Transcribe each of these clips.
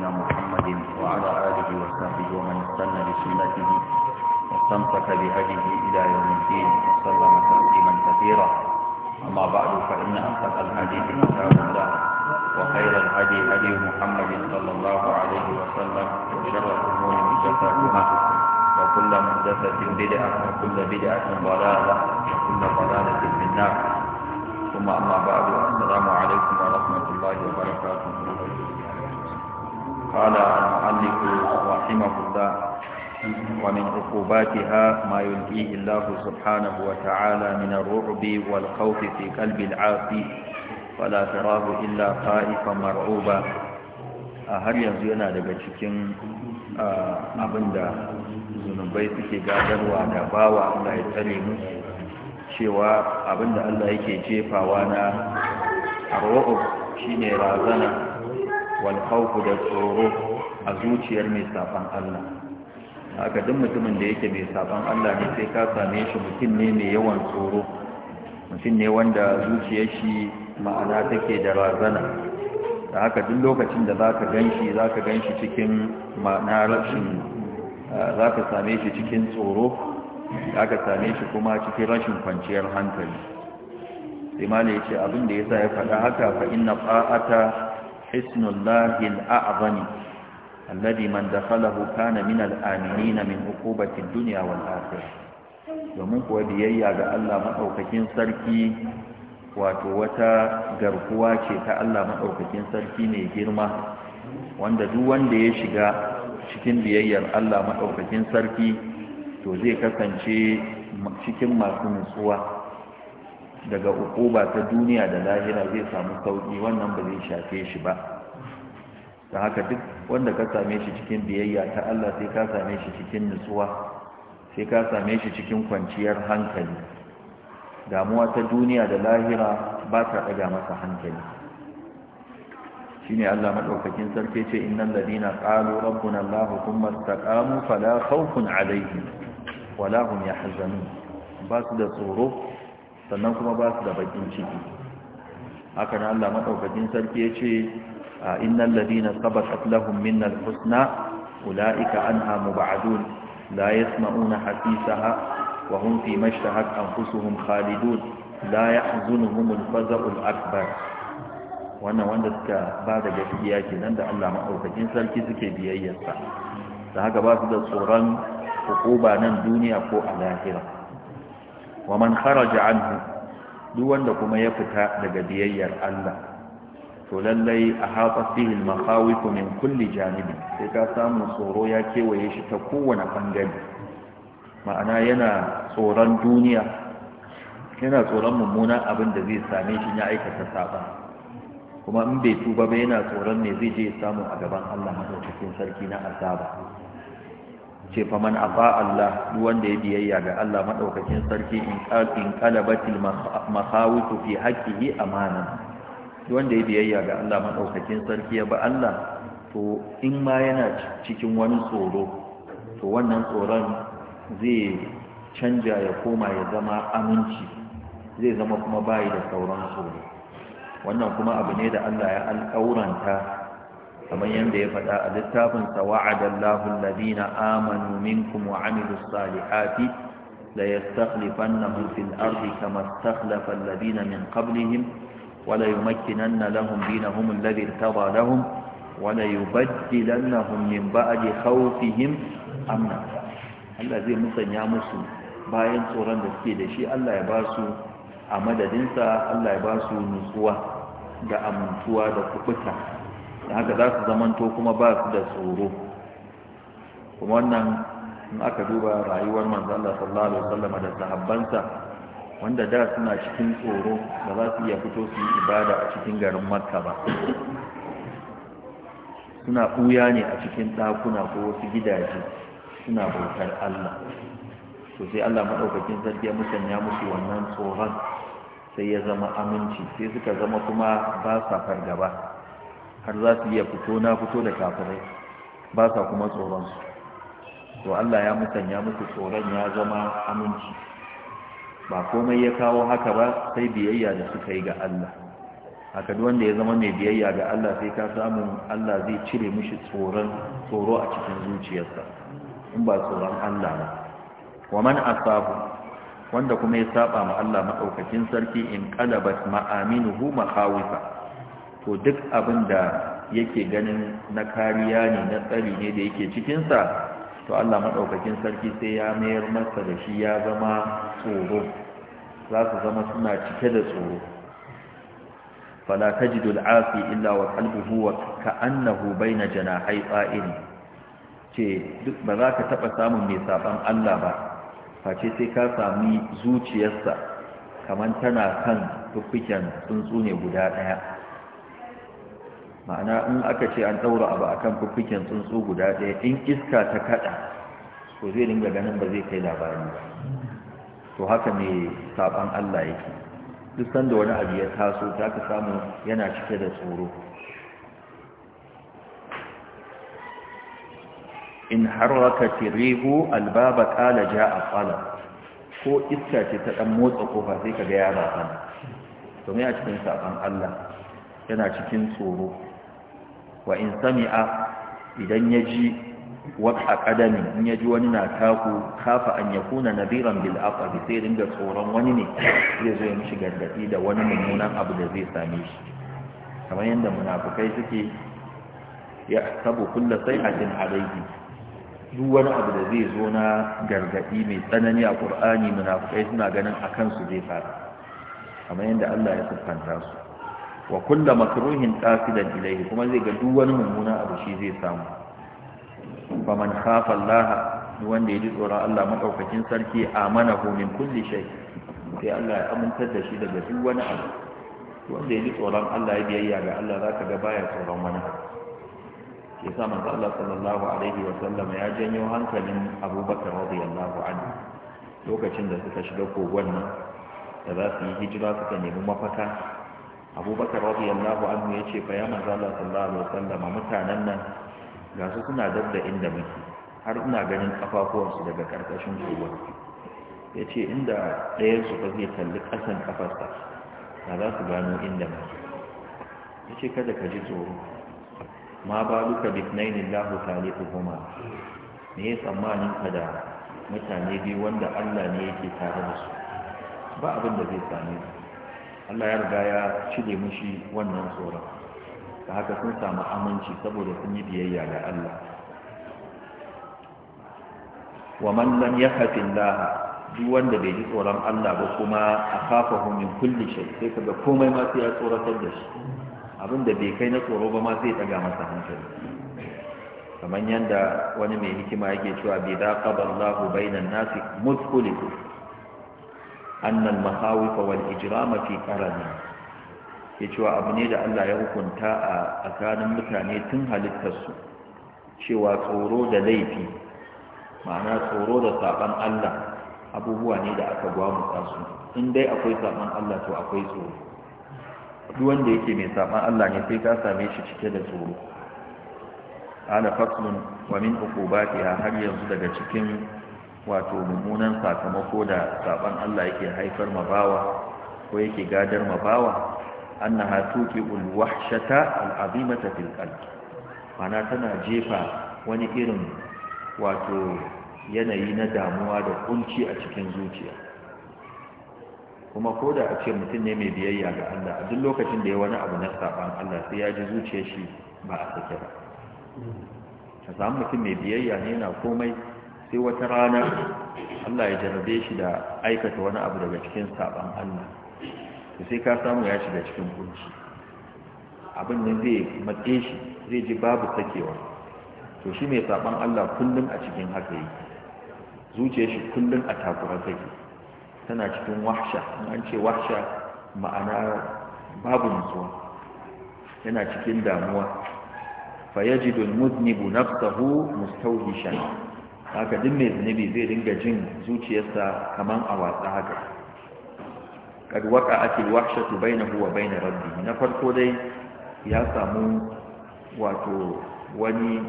نبينا محمد وعلى آله وصحبه ومن استنى بسنته واستمسك بهديه إلى يوم الدين وسلم تسليما كثيرا أما بعد فإن أصدق الحديث كتاب الله وخير الهدي هدي محمد صلى الله عليه وسلم وشر الأمور محدثاتها وكل محدثة بدعة وكل بدعة ضلالة وكل ضلالة في النار ثم أما بعد السلام عليكم ورحمة الله وبركاته قال المؤلف رحمه الله ومن عقوباتها ما يلقيه الله سبحانه وتعالى من الرعب والخوف في قلب العاصي فلا تراه إلا خائفا مرعوبا har yanzu yana daga cikin abinda zunubai suke gadarwa da bawa Allah ya tsare mu cewa abinda Allah yake jefawa na arwa'ub shine razana walhauku da tsoro a zuciyar mai safan Allah haka duk mutumin da yake mai safan Allah ne sai ka same shi mutum ne mai yawan tsoro mutum ne wanda zuciyar shi ma'ana take da razana da haka duk lokacin da za ka gan shi cikin ma'ana rashin za ka same shi cikin tsoro za ka same shi kuma cikin rashin kwanciyar hankali sai ya ce abin da ya sa ya faɗa haka fa'in na fa'ata حسن الله الأعظم الذي من دخله كان من الآمنين من عقوبة الدنيا والآخرة kuwa biyayya ga Allah wata garkuwa ce ta Allah maɗaukakin sarki mai girma wanda duk wanda ya shiga cikin biyayyar Allah maɗaukakin sarki to zai kasance cikin masu nutsuwa daga hukuma ta duniya da lahira zai samu sauki wannan ba zai shafe shi ba don haka duk wanda ka same shi cikin biyayya ta Allah sai ka same shi cikin nutsuwa sai ka same shi cikin kwanciyar hankali damuwa ta duniya da lahira ba ta ɗaga masa hankali shine Allah madaukakin sarki ce innal ladina qalu rabbuna Allah thumma istaqamu fala khawfun alaihim wala hum yahzanun ba su da tsoro sannan kuma ba su da bakin ciki haka nan Allah madaukakin sarki yace innal ladina sabaqat lahum minna husna ulaika anha mub'adun la yasma'una hasisaha wa hum fi kusu anfusuhum khalidun la yahzunuhum al-faza'u al-akbar wannan wanda suka ba da gaskiya nan da Allah madaukakin sarki suke biyayyarsa da haka ba su da tsoron hukuma nan duniya ko a lahira wa man kharaja anhu duk wanda kuma ya fita daga biyayyar Allah to lallai a haƙa fihil makawiku min kulli janibi sai ka samu tsoro ya kewaye shi ta kowane bangare. ma'ana yana tsoron duniya yana tsoron mummuna abin da zai same shi ya aikata saba kuma in bai tuba ba yana tsoron ne zai je samu a gaban allah cikin sarki na azaba ce fa man afa Allah duk wanda ya biyayya ga Allah madaukakin sarki in qalin qalabatil mahawitu fi haqqihi amana duk wanda ya biyayya ga Allah madaukakin sarki ya ba Allah to in ma yana cikin wani tsoro to wannan tsoron zai canja ya koma ya zama aminci zai zama kuma bayi da sauran tsoro wannan kuma abu ne da Allah ya alƙauranta kamar yadda ya faɗa a littafin sa wa'ada Allahu alladhina amanu minkum wa amilus salihati la yastakhlifannahum fil ardi kama istakhlafa alladhina min qablihim wa la yumakkinanna lahum dinahum alladhi irtada lahum wa la yubaddilannahum min ba'di khawfihim amna Allah zai musanya musu bayan tsoron da suke da shi Allah ya ba su a madadinsa Allah ya ba su nutsuwa da amintuwa da kubuta da haka za su zamanto kuma ba su da tsoro kuma wannan in aka duba rayuwar manzala sallallahu alaihi wasallam da sahabbansa wanda da suna cikin tsoro da za su iya fito su yi ibada a cikin garin makka ba suna buya ne a cikin ɗakuna ko wasu gidaje suna bautar allah to sai allah maɗaukakin sarki ya musanya musu wannan tsoron sai ya zama aminci sai suka zama kuma ba sa fargaba har za su iya fito na fito da kafirai ba sa kuma tsoronsu to Allah ya musanya musu tsoron ya zama aminci ba komai ya kawo haka ba sai biyayya da suka yi ga Allah haka duk wanda ya zama mai biyayya ga Allah sai ka samu Allah zai cire mishi tsoron tsoro a cikin zuciyarsa in ba tsoron Allah ba wa man asabu wanda kuma ya saba ma Allah madaukakin sarki in qalabat ma'aminuhu makhawifa to duk abin da yake ganin na kariya ne na tsari ne da yake cikinsa to Allah maɗaukakin sarki sai ya mayar masa da shi ya zama tsoro za su zama suna cike da tsoro fala tajidul asi illa wa qalbuhu wa ka'annahu baina janahi tsa'in ce duk ba za ka taɓa samun mai saban Allah ba face sai ka sami zuciyarsa kamar tana kan tuffiken tsuntsu ne guda ɗaya ma'ana in aka ce an daura abu a kan fuffiken tsuntsu guda ɗaya in iska ta kaɗa to zai dinga ganin ba zai kai labari ba to haka ne saɓan allah yake duk sanda wani abu ya taso ta ka samu yana cike da tsoro in harraka tirihu albaba kala ja a tsala ko iska ce ta ɗan motsa kofa sai ka ga ya ba domin a cikin saban allah yana cikin tsoro wa in sami'a idan ya ji wata ƙadamin in ya ji wani na taku kafa an ya kuna naziran bil aqabi sai ringa tsoron wani ne zai zo ya mishi gargaɗi da wani mummunan abu da zai same shi kamar yadda munafukai suke ya sabu kulla jin alaihi duk wani abu da zai zo na gargaɗi mai tsanani a ƙur'ani munafukai suna ganin a kansu zai fara kamar yadda Allah ya siffanta su wa kulla makruhin qasidan ilayhi kuma zai ga duk wani mummuna abu shi zai samu fa man khafa Allah wanda yaji tsoron Allah madaukakin sarki amanahu min kulli shay sai Allah ya amintar da shi daga duk wani abu wanda yaji tsoron Allah ya biyayya ga Allah zaka ga baya tsoron wani abu yasa manzo Allah sallallahu alaihi wa sallam ya janyo hankalin Abubakar radiyallahu anhu lokacin da suka shiga kogon nan da za su yi hijira suka nemi mafaka abubakar radiyallahu anhu ya ce fa ya manzo Allah sallallahu alaihi wasallam mutanen nan ga su suna dabda inda muke har ina ganin kafafuwansu daga karkashin tsohuwar ya ce inda ɗayansu ba zai kalli ƙasan kafarsa ba za su gano inda muke ya ce kada ka ji tsoro ma ba duka bitnainin lahu kuma me ya tsammanin ka da mutane biyu wanda allah ne yake tare da su ba abin da zai same su Allah ya riga ya cire mushi wannan tsoron ta haka sun samu aminci saboda sun yi biyayya ga Allah wa man lam yakhafin laha duk wanda bai ji tsoron Allah ba kuma a kafa min kulli shay sai kaga komai ma sai ya tsoratar da shi abin da bai kai na tsoro ba ma sai daga masa hankali kamar yadda wani mai hikima yake cewa bi da qada Allahu bainan nasi mutqulu annal mahawif wal ijrama fi qarani ya cewa abu ne da Allah ya hukunta a tsakanin mutane tun halittarsu cewa tsoro da laifi ma'ana tsoro da saban Allah abubuwa ne da aka gwamutsa su in dai akwai saban Allah to akwai tsoro duk wanda yake mai saban Allah ne sai ka same shi cike da tsoro ana faslun wa min uqubatiha har yanzu daga cikin wato mummunan sakamako da saban Allah yake haifar mabawa ko yake gadar mabawa annaha tuqiul wahshata al'azimata fil qalbi mana tana jefa wani irin wato yanayi na damuwa da kunci a cikin zuciya kuma ko da a ce mutum ne mai biyayya ga Allah a duk lokacin da ya wani abu na saban Allah sai ya ji zuciyar shi ba a sake ba ka samu mutum mai biyayya ne na komai sai wata rana Allah ya jarabe shi da aikata wani abu daga cikin saban Allah da sai ka samu ya shiga cikin kunci abin nan zai matse shi zai ji babu sakewa to shi mai saban Allah kullum a cikin haka yi. zuciyar shi kullum a takura take tana cikin wahsha in an ce wahsha ma'ana babu nutsuwa yana cikin damuwa yajidul mudnibu nafsahu mustawhishan haka duk mai zunubi zai dinga jin zuciyarsa kamar a watsa haka kad waka ake na bainahu wa bain rabbi na farko dai ya samu wato wani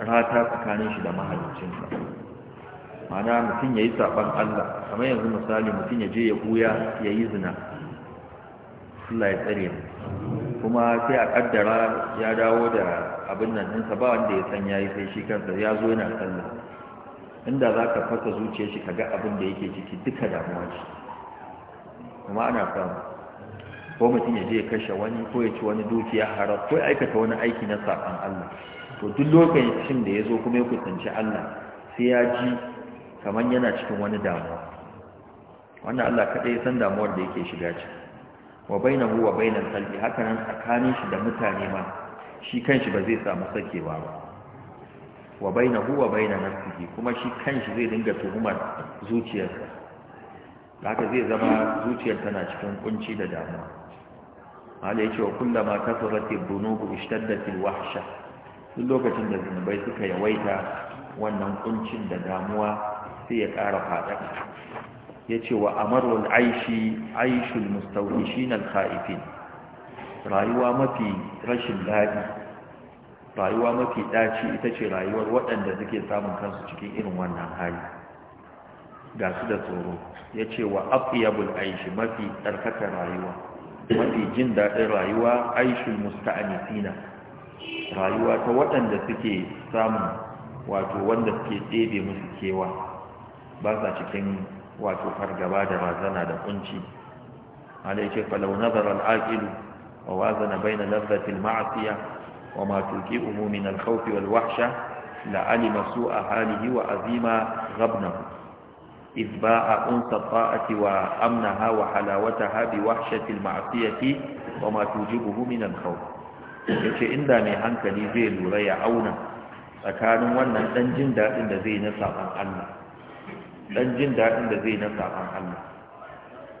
rata tsakanin shi da mahaliccinsa Mana mutum ya yi saɓon allah kamar yanzu misali mutum ya je ya buya ya yi zina allah ya tsare mu kuma sai a kaddara ya dawo da abin nan ɗinsa ba wanda ya san yayi sai shi kansa ya zo yana sallah inda za ka fasa zuciya shi ka ga abin da yake ciki duka damuwa ce kuma ana samu ko mutum ya je ya kashe wani ko ya ci wani dukiya haram ko ya aikata wani aiki na saɓan Allah to duk lokacin da ya zo kuma ya kusanci Allah sai ya ji kamar yana cikin wani damuwa wannan Allah kaɗai ya san damuwar da yake shiga ciki wa bainahu wa bainal khalqi haka nan tsakanin shi da mutane ma shi kanshi ba zai samu sakewa ba wa bainahu wa bainan nafsihi kuma shi kanshi zai dinga tuhumar zuciyarsa haka zai zama zuciyar tana cikin kunci da damuwa Allah ya ce wa kullama kasarat dhunubu ishtaddat alwahsha duk lokacin da zunubai suka yawaita wannan kuncin da damuwa sai ya ƙara faɗaɗa ce wa amarul aishi aishul mustawhishin al rayuwa mafi rashin daɗi rayuwa mafi ɗaci ita ce rayuwar waɗanda suke samun kansu cikin irin wannan hali ga su da tsoro ya ce wa afiyabul aishi mafi tsarkaka rayuwa mafi jin daɗin rayuwa aishul musta'anifina rayuwa ta waɗanda suke samun wato wanda suke ɗebe musu kewa ba sa cikin wato fargaba da razana da kunci malai ce falau nazara aqil wa wazana bayna lafzati al-ma'siyah wa ma tuki tulqi'u min al-khawf wal-wahsha la alima su'a halihi wa azima ghabnahu إذ باع bi wahshati al-ma'siyati wa ma tujibuhu min al-khawf yace inda mai hankali zai lura ya auna tsakanin wannan dan jin dadin da zai na saban Allah dan jin daɗin da zai na saban Allah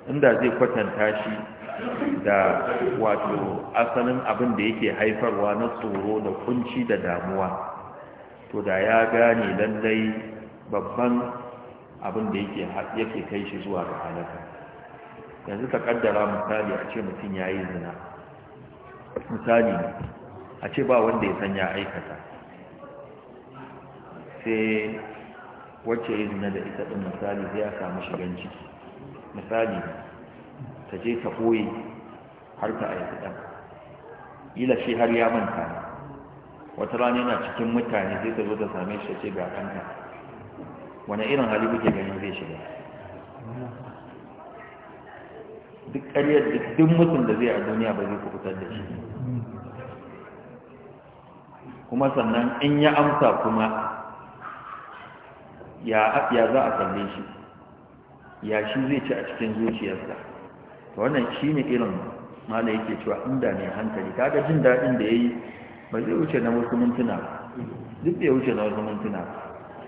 inda zai kwatanta shi da wato asalin abin da yake haifarwa na tsoro da kunci da damuwa to da ya gane lallai babban abin da yake kai shi zuwa ga halaka yanzu ka kaddara misali a ce mutum ya yi zina misali a ce ba wanda ya san ya aikata sai wacce ya zina da ita ɗin misali zai samu shigan misali ta je ta ɓoye har ta aiki ɗan ila shi har ya manta wata rana yana cikin mutane zai ta zo ta same shi ce ga kanta wani irin hali kuke ganin zai shiga duk ƙaryar duk mutum da zai a duniya ba zai kubutar da shi kuma sannan in ya amsa kuma ya za a kalle shi ya shi zai ci a cikin zuciyarsa to wannan shi ne irin mala yake cewa inda ne hankali ga jin dadin da yayi ba zai wuce na wasu mintuna ba duk ya wuce na wasu mintuna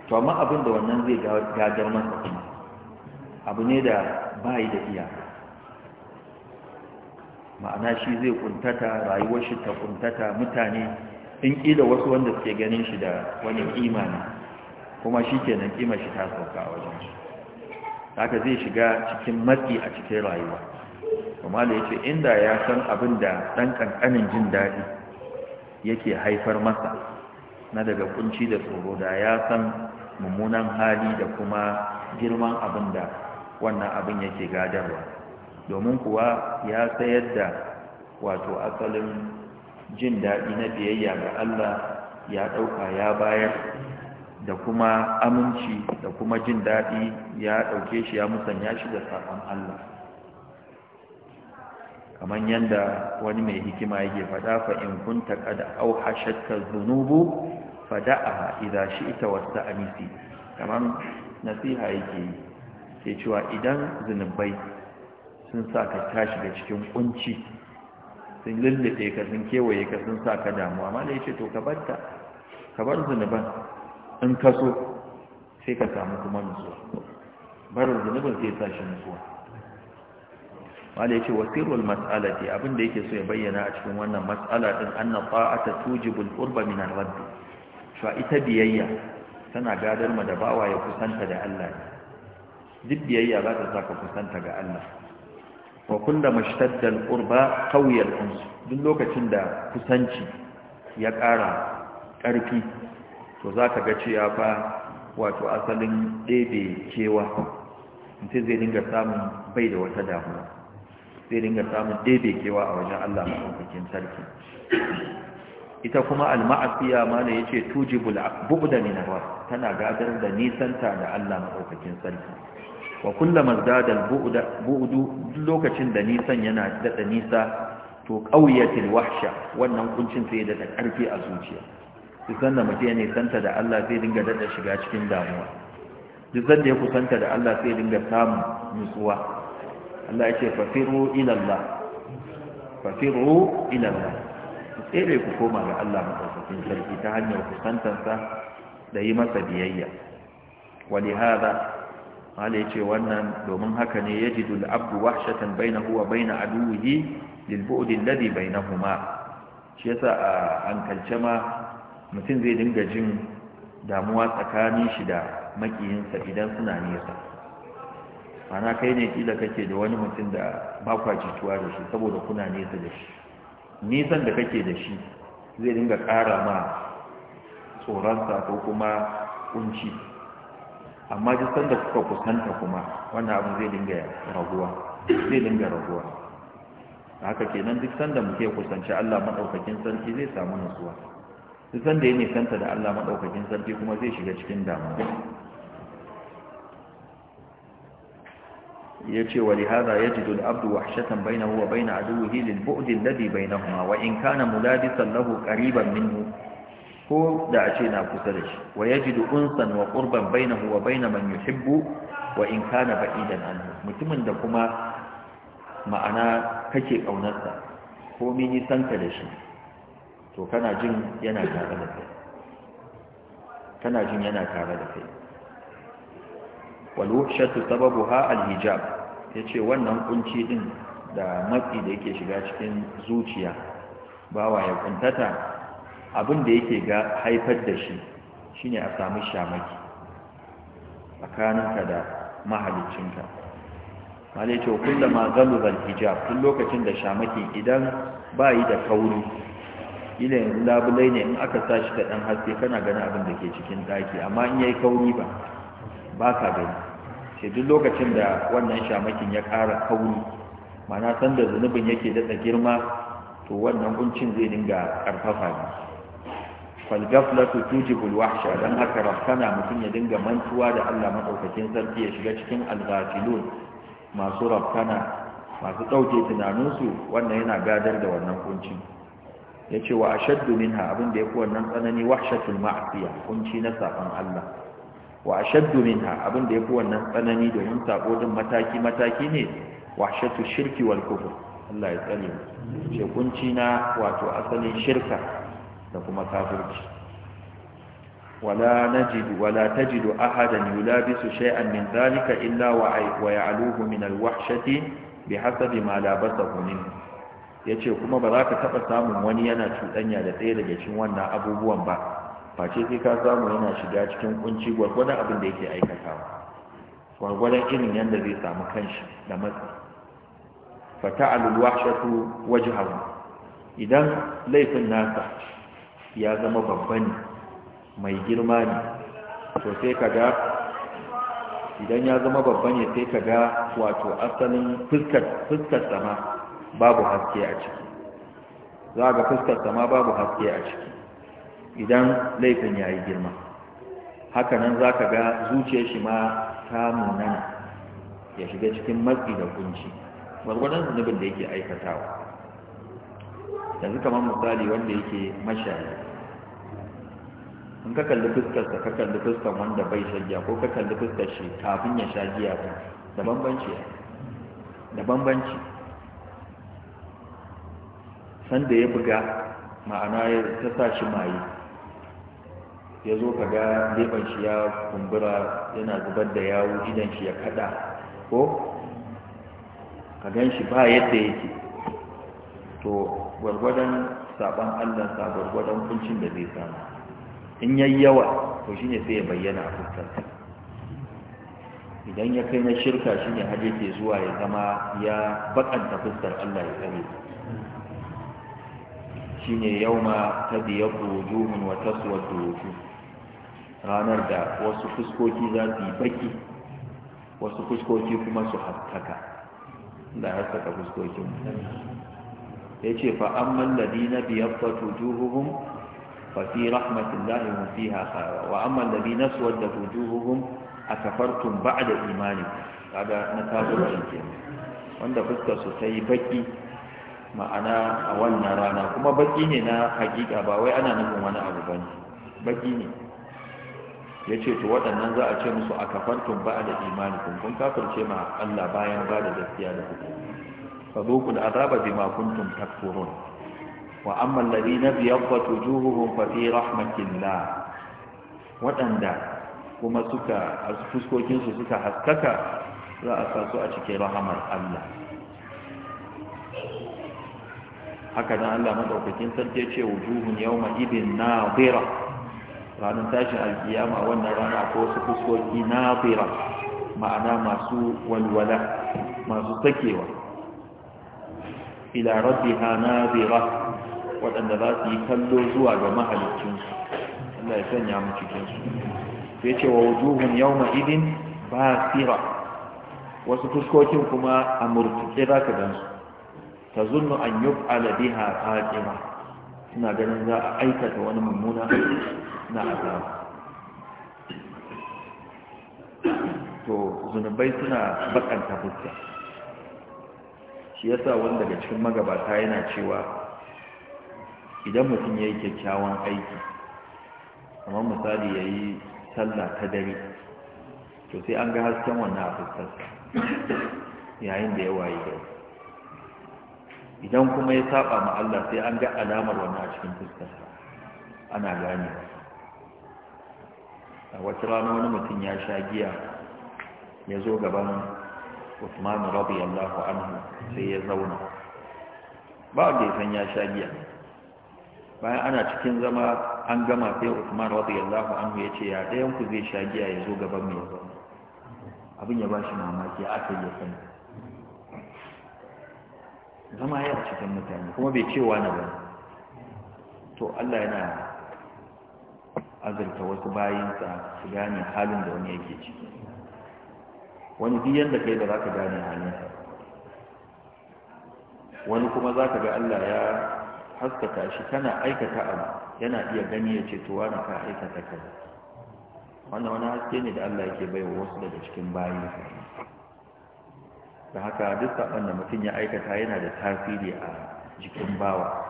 to amma abin da wannan zai gajar masa kuma abu ne da bayi da iya. ma'ana shi zai kuntata rayuwar shi ta kuntata mutane in ƙila wasu wanda suke ganin shi da wani imani kuma shi ke nan kima shi ta sauka a wajen shi haka zai shiga cikin matsi a cikin rayuwa kuma da ya ce inda ya san abin da ɗan ƙanƙanin jin daɗi yake haifar masa na daga kunci da tsoro da ya san mummunan hali da kuma girman abin da wannan abin yake gadarwa domin kuwa ya sayar da wato asalin jin daɗi na biyayya ga Allah ya ɗauka ya bayar da kuma aminci da kuma jin daɗi ya ɗauke shi ya musanya shi da saƙon Allah kamar yadda wani mai hikima yake faɗa fa in kunta zunubu fada a fada'aha ita wasu amisi kamar nasiha yake ke cewa idan zunubai sun sa ka tashi da cikin kunci sun lullube ka sun kewaye ka sun sa ka damuwa amma da ce to ka bar zunuban in kaso, sai ka samu kuma nutsuwa barin zunubin sai sa shi nutsuwa wale ce wasirul mas'alati abin da yake so ya bayyana a cikin wannan mas'ala din anna ta'ata tujibul qurba min ar-rabb fa ita biyayya tana gadar ma da bawa ya kusanta da Allah duk biyayya ba ta saka kusanta ga Allah wa kulla mashtadda al-qurba qawiya al-uns duk lokacin da kusanci ya ƙara ƙarfi to za ka ga cewa fa wato asalin ɗebe kewa mutum zai dinga samun bai da wata damuwa zai dinga samun ɗebe kewa a wajen Allah maɗaukakin sarki ita kuma alma'asiya ma ya ce tuji bu'da da Allah tana gadar da nisanta da Allah maɗaukakin sarki wa kullama zadal bu'da lokacin da nisan yana daɗa nisa to qawyatil wahsha wannan kuncin sai da karfi a zuciya duk sanda mutum ya nisanta da Allah zai dinga daɗa shiga cikin damuwa duk sanda ya kusanta da Allah zai dinga samun nutsuwa Allah ya ce fafiru ilallah fafiru ilallah ku tsere ku koma ga Allah madaukakin sarki ta hanyar kusantansa da yi masa biyayya wani hada Allah ya ce wannan domin haka ne yajidu al-abdu wahshatan bainahu wa bain aduwwihi lil bu'di alladhi bainahuma shi yasa a hankalce ma mutum zai dinga jin damuwa tsakanin shi da makiyinsa idan suna nesa ana kai ne kila kake da wani mutum da ba kwa cutuwa da shi saboda kuna nesa da shi nisan da kake da shi zai dinga ƙara ma tsoronsa ko kuma kunci amma duk sanda kuka kusanta kuma wannan abu zai dinga raguwa zai dinga raguwa haka kenan duk sanda muke kusanci Allah maɗaukakin sarki zai samu nutsuwa duk da ya nisanta da Allah maɗaukakin sarki kuma zai shiga cikin damuwa ya ce wa lihada ya jidul abdu wahshatan bainahu wa bain aduwwihi lil bu'di alladhi bainahuma wa in kana muladisan lahu qariban minhu ko da a ce na kusa da shi wa yajidu unsan wa qurban bainahu wa bain man yuhibbu wa in kana ba'idan anhu mutumin da kuma ma'ana kake kaunarsa ko mini santa da shi to kana jin yana tare da kai kana jin yana tare da kai walwashatu sababuha alhijab yace wannan kunci din da matsi da yake shiga cikin zuciya bawa ya kuntata abin da yake ga haifar da shi shine a samu shamaki tsakaninka da mahaliccinka malai ce kullama zal hijab tun lokacin da shamaki idan bayi da kauri kila yanzu labulai ne in aka sa shi kaɗan haske kana gani abin da ke cikin ɗaki amma in ya yi kauri ba ba ka gani sai duk lokacin da wannan shamakin ya ƙara kauri mana san da zunubin yake daɗa girma to wannan kuncin zai dinga ƙarfafa ne falgaflatu tujibul wahsha dan haka rafkana mutum ya dinga mantuwa da Allah madaukakin sarki ya shiga cikin alghafilun masu rafkana masu ɗauke tunaninsu wannan yana gadar da wannan kuncin ya ce wa ashaddu minha abin da ya fi wannan tsanani wahshatul ma'asiya kunci na saban Allah wa ashaddu minha abin da ya fi wannan tsanani domin sako din mataki mataki ne wahshatul shirki wal kufr Allah ya tsare mu ce kunci na wato asalin shirka da kuma kafirci wala najidu wala tajidu ahadan yulabisu shay'an min dhalika illa wa ya'luhu min al wahshati bihasabi ma labasahu minhu ya ce kuma ba za ka taɓa samun wani yana cuɗanya da ɗaya daga cikin wannan abubuwan ba face sai ka samu yana shiga cikin kunci gwargwadon abin da yake aikatawa gwargwadon irin yadda zai samu kanshi da matsi fata waje wajhahu idan laifin nasa ya zama babban mai girma ne to sai ka ga idan ya zama babban ne sai ka ga wato asalin fuskar fuskar sama babu haske a ciki za ga fuskarsa ma babu haske a ciki idan laifin ya yi girma hakanan za ka ga zuciyar shi ma ta munana ya shiga cikin matsi da kunci gwargwadon zunubin da yake aikatawa yanzu kamar misali wanda yake mashayi in ka kalli fuskarsa ka kalli fuskar wanda bai shagiya ko ka kalli fuskar shi kafin ya sha giya ba da bambanci da bambanci sanda ya buga ma'ana ya ta sa shi mayi ya zo ka ga leban shi ya kumbura yana zubar da yawo idan shi ya kada ko ka gan shi ba yadda yake to gwargwadon saban allah sa gwargwadon kuncin da zai samu in yayi yawa to shine sai ya bayyana a fuskarsa idan ya kai na shirka shine har ke zuwa ya zama ya bakanta fuskar allah ya tsare shine yauma tabyadu wujuhun wa taswadu wujuh ranar da wasu fuskoki za su yi baki wasu fuskoki kuma su haskaka da haskaka fuskokin ya ce fa amman ladina biyabbatu wujuhuhum fa fi rahmatillahi hum fiha haƙara. wa amman ladina suwaddat wujuhuhum akafartum da imanikum kaga na kafirci wanda fuskar su ta yi baki ma'ana a wannan rana kuma baki ne na hakika ba wai ana nufin wani abu ba ne baki ne ya ce to waɗannan za a ce musu a kafartun ba da imani kun kun kafirce ma Allah bayan ba da gaskiya da kuka fa zuku da azaba bima kuntum takfurun wa amma alladhina biyaddat wujuhuhum fa fi rahmatillah waɗanda kuma suka fuskokin su suka haskaka za a sa su a cikin rahamar Allah haka nan Allah madaukakin sarki ya ce wujuhun yawma idin nadira ranar tashin alkiyama wannan rana ko wasu fuskoki nadira ma'ana masu walwala masu takewa ila rabbiha nadira wadanda za su yi kallo zuwa ga mahalicinsu Allah ya sanya mu cikin su sai ce wa wujuhun yawma idin basira wasu fuskokin kuma a murtuke za ka gansu ta zunnu an yuf'ala biha faqima suna ganin za a aikata wani mummuna na azaba to zunubai suna bakanta fuska shi yasa wani daga cikin magabata yana cewa idan mutum ya yi kyakkyawan aiki kamar misali ya yi sallah ta dare to sai an ga hasken wannan a fuskarsa yayin da ya waye gari idan kuma ya saba ma Allah sai an ga alamar wannan a cikin fuskarsa ana gane a wata rana wani mutum ya sha giya ya zo gaban Usman radiyallahu anhu sai ya zauna ba wanda ya san ya sha giya bayan ana cikin zama an gama sai Usman radiyallahu anhu ya ce ya dayan ku zai sha giya ya zo gaban mai zauna abin ya ba shi mamaki kai ya sani zama ya cikin mutane kuma bai cewa na ba to Allah yana azurta wasu bayinsa su gane halin da wani yake ci. wani biyan da kai da za ka gane halinsa wani kuma za ka ga Allah ya haskaka shi kana aikata abu yana iya gani ya ce tuwa na ka aikata kai wannan wani haske ne da Allah yake bai wasu daga cikin bayinsa da haka duk saɓon da mutum ya aikata yana da tasiri a jikin bawa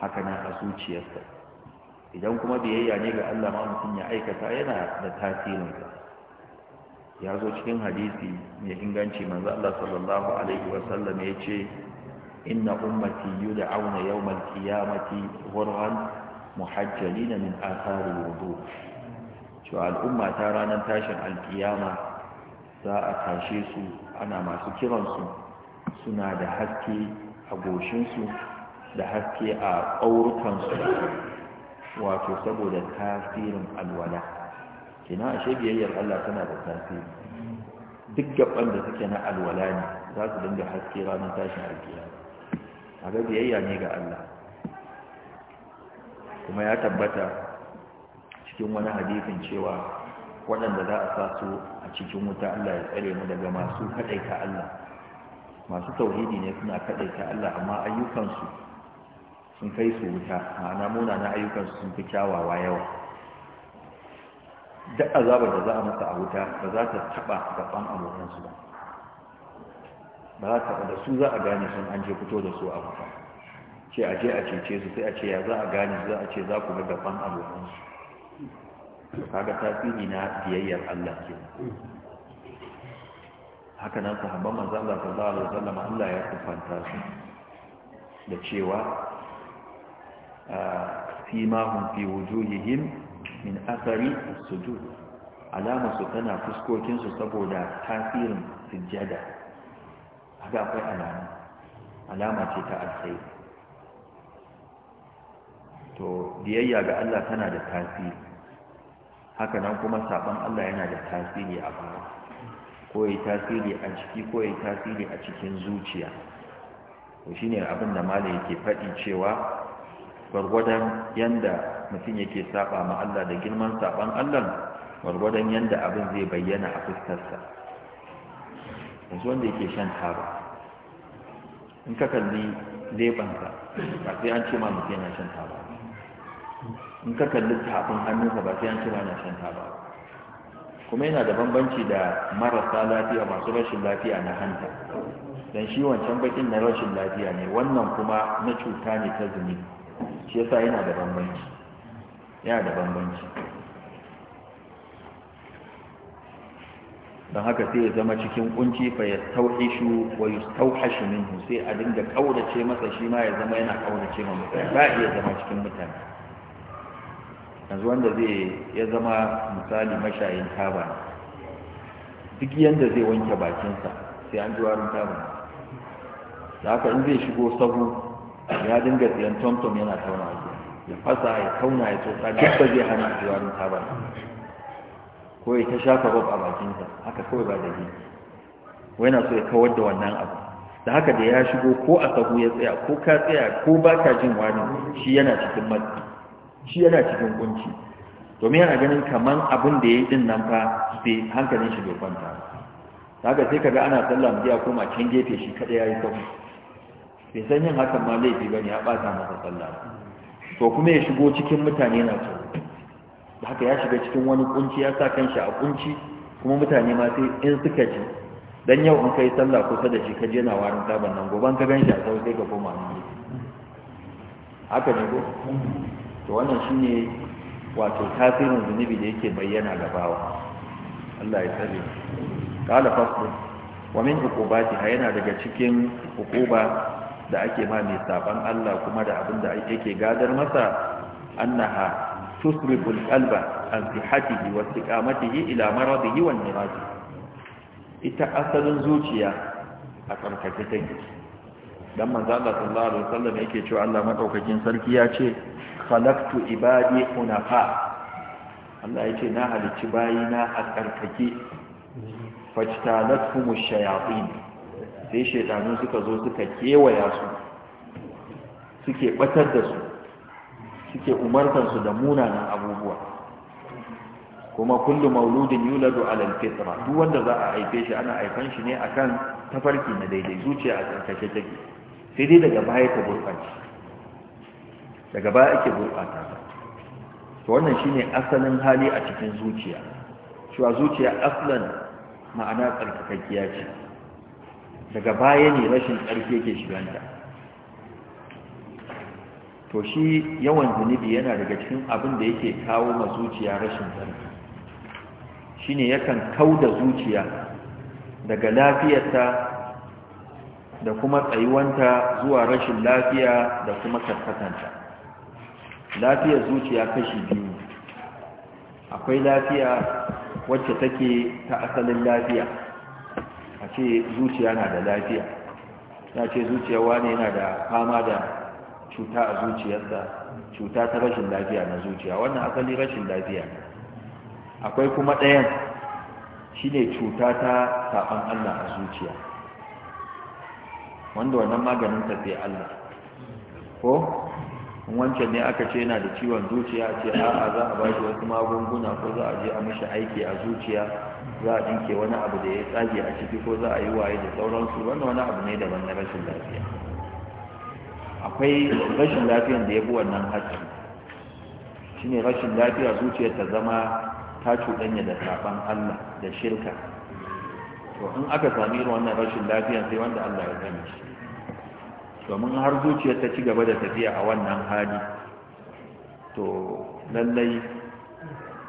haka nan a zuciyarsa idan kuma biyayya ne ga Allah ma mutum ya aikata yana da tasirinsa ya zo cikin hadisi mai inganci manzo Allah sallallahu alaihi wasallam ya ce inna ummati auna yawmal qiyamati ghurran muhajjalin min athari wudu to al'umma ta ranar tashin alkiyama za a tashe su ana masu kiransu suna da haske a goshinsu da haske a ƙaurukansu wato saboda tasirin alwala kina ashe biyayyar Allah tana da tasiri duk gaban da suke na alwala ne za su dinga haske ranar tashin A ga biyayya ne ga Allah kuma ya tabbata cikin wani hadifin cewa waɗanda za a sa su a cikin wuta Allah ya tsare mu daga masu kaɗaita Allah masu tauhidi ne suna kaɗaita Allah amma ayyukansu sun kai su wuta ma'ana na ayyukansu sun fi kyawawa yawa duk azabar da za a masa a wuta ba za ta taɓa gaban abokansu ba ba za ta taɓa da su za a gane sun an je fito da su a wuta ce a je a cece su sai a ce ya za a gane za a ce za ku ga gaban abokansu kaga tasiri na biyayyar Allah ke haka nan sahabban manzo Allah sallallahu alaihi wasallam Allah ya kufanta su da cewa simahum ah, fi wujuhihim min athari as-sujud alama su tana fuskokin su saboda tasirin sujjada haka akwai alama alama ce ta alkhairi to biyayya ga Allah tana da tasiri haka nan kuma saban Allah yana da tasiri a baya ko yi tasiri a ciki ko yi tasiri a cikin zuciya shi ne abin da yake faɗi cewa gwargwadon yadda mutum yake saba ma Allah da girman saban Allah gwargwadon yadda abin zai bayyana a fuskarsa yanzu wanda yake shan taba in ka kalli lebanka, ba sai an ce ma mutum yana shan taba in ka kalli tafin hannunsa ba sai an ci na shan taba kuma yana da bambanci da marasa lafiya masu rashin lafiya na hanta dan shi wancan bakin na rashin lafiya ne wannan kuma na cuta ne ta zumi shi yasa yana da bambanci yana da bambanci don haka sai ya zama cikin kunci fa ya tauhishu wa yustauhashu minhu sai a dinga kaurace masa shi ma ya zama yana kaurace ma mutane ba iya zama cikin mutane yanzu wanda zai ya zama misali mashayin taba duk yanda zai wanke bakinsa sai an ji warin taba da haka in zai shigo sahu ya dinga tsiyan tomtom yana tauna ya fasa ya tauna ya tsotsa duk ba zai hana ji warin taba ko ya ta shafa bab a bakinsa haka kawai ba da yi wai na so ya kawar da wannan abu da haka da ya shigo ko a sahu ya tsaya ko ka tsaya ko ba ka jin wani shi yana cikin matsi shi yana cikin kunci domin yana ganin kaman abin da ya yi nan fa bai hankalin shi bai kwanta haka sai kaga ana sallah mu ya koma can gefe shi kada yayi sabu bai san yin hakan ma laifi bane ya bata masa sallah to kuma ya shigo cikin mutane na so da haka ya shiga cikin wani kunci ya sa kanshi a kunci kuma mutane ma sai in suka ji dan yau in kai sallah kusa da shi ka je na warin sabon nan goban ka ganshi a sau sai ka koma ne haka ne ko to wannan shine wato tasirin zunubi da yake bayyana ga bawa Allah ya tsare kala fasl wa min ha yana daga cikin hukuba da ake ma mai saban Allah kuma da abin da yake gadar masa annaha tusribul qalba an sihhatihi wa istiqamatihi ila maradihi wan nirati ita asalin zuciya a tsarkake take dan manzo Allah sallallahu alaihi wasallam yake cewa Allah madaukakin sarki ya ce khalaqtu ibadi hunafa Allah yake na halicci bayi na karkake fajtalathum ash-shayatin sai shaytanu suka zo suka kewaya su suke batar da su suke umartar su da munanan abubuwa kuma kullu mauludin yuladu ala al-fitra duk wanda za a haife shi ana haifan shi ne akan tafarki na daidai zuciya a karkashe take sai dai daga baya ta gurɓace daga baya ake gurɓata ta to wannan shine asalin hali a cikin zuciya cewa zuciya aslan ma'ana tsarkakakkiya ce daga baya ne rashin tsarki yake shiganta to shi yawan zunubi yana daga cikin abin da yake kawo ma zuciya rashin tsarki shine yakan kau da zuciya daga lafiyarta da kuma tsayuwanta zuwa rashin lafiya da kuma karkatanta lafiyar zuciya kashi biyu akwai lafiya wacce take ta asalin lafiya a ce zuciya na da lafiya ya ce zuciya wane yana da fama da cuta a zuciyarsa cuta ta rashin lafiya na zuciya wannan asali rashin lafiya akwai kuma ɗayan shine cuta ta saɓan allah a zuciya wanda wannan maganin ta sai Allah ko wancan ne aka ce yana da ciwon zuciya ce a'a za a bashi wasu magunguna ko za a je a mishi aiki a zuciya za a dinke wani abu da ya tsage a ciki ko za a yi waye da sauransu wannan wani abu ne daban na rashin lafiya akwai rashin lafiyan da ya bi wannan haƙƙin shine rashin lafiya zuciyar ta zama ta cuɗanya da saɓan Allah da shirka to in aka sami irin wannan rashin lafiya sai wanda Allah ya gani shi domin har zuciyar ta ci gaba da tafiya a wannan hali to lallai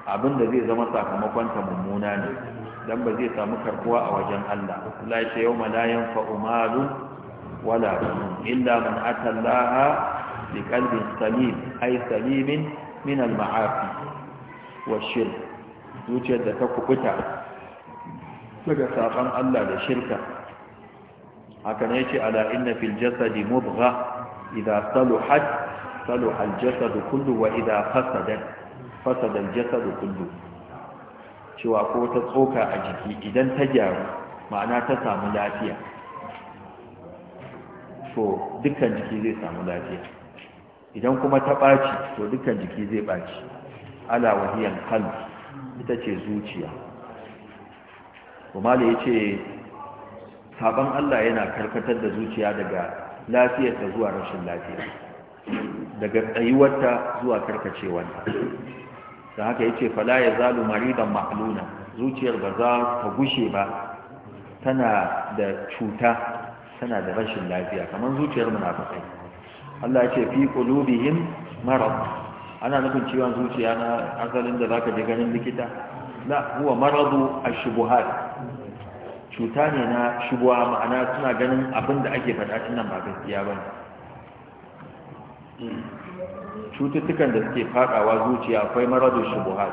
abin da zai zama sakamakon ta mummuna ne dan ba zai samu karkuwa a wajen Allah la ya yau ma la yanfa malu wala banun illa man ata Allah bi qalbin salim ay salimin min al ma'afi wa shirk zuciyar da ta kubuta daga saban Allah da shirka haka ne ce ala inna fil jasadi mubgha idza saluhat saluha al jasadu kullu wa idza fasadat fasada al jasadu kullu cewa ko ta tsoka a jiki idan ta gyaru ma'ana ta samu lafiya to dukkan jiki zai samu lafiya idan kuma ta ɓaci to dukkan jiki zai ɓaci ala wahiyan qalbi ita ce zuciya kuma da ya ce sabon Allah yana karkatar da zuciya daga lafiyarta zuwa rashin lafiya daga tsayuwarta zuwa karkacewarta da haka ya ce fala ya zalu maridan makluna zuciyar ba za ta gushe ba tana da cuta tana da rashin lafiya kamar zuciyar munafikai Allah ya ce fi qulubihim marar. ana nufin ciwon zuciya na asalin da zaka je ganin likita la huwa maradu a shubuhat cuta ne na shigowa ma'ana suna ganin abin da ake faɗa nan ba gaskiya ba cututtukan da suke faɗawa zuciya akwai maradun shubuha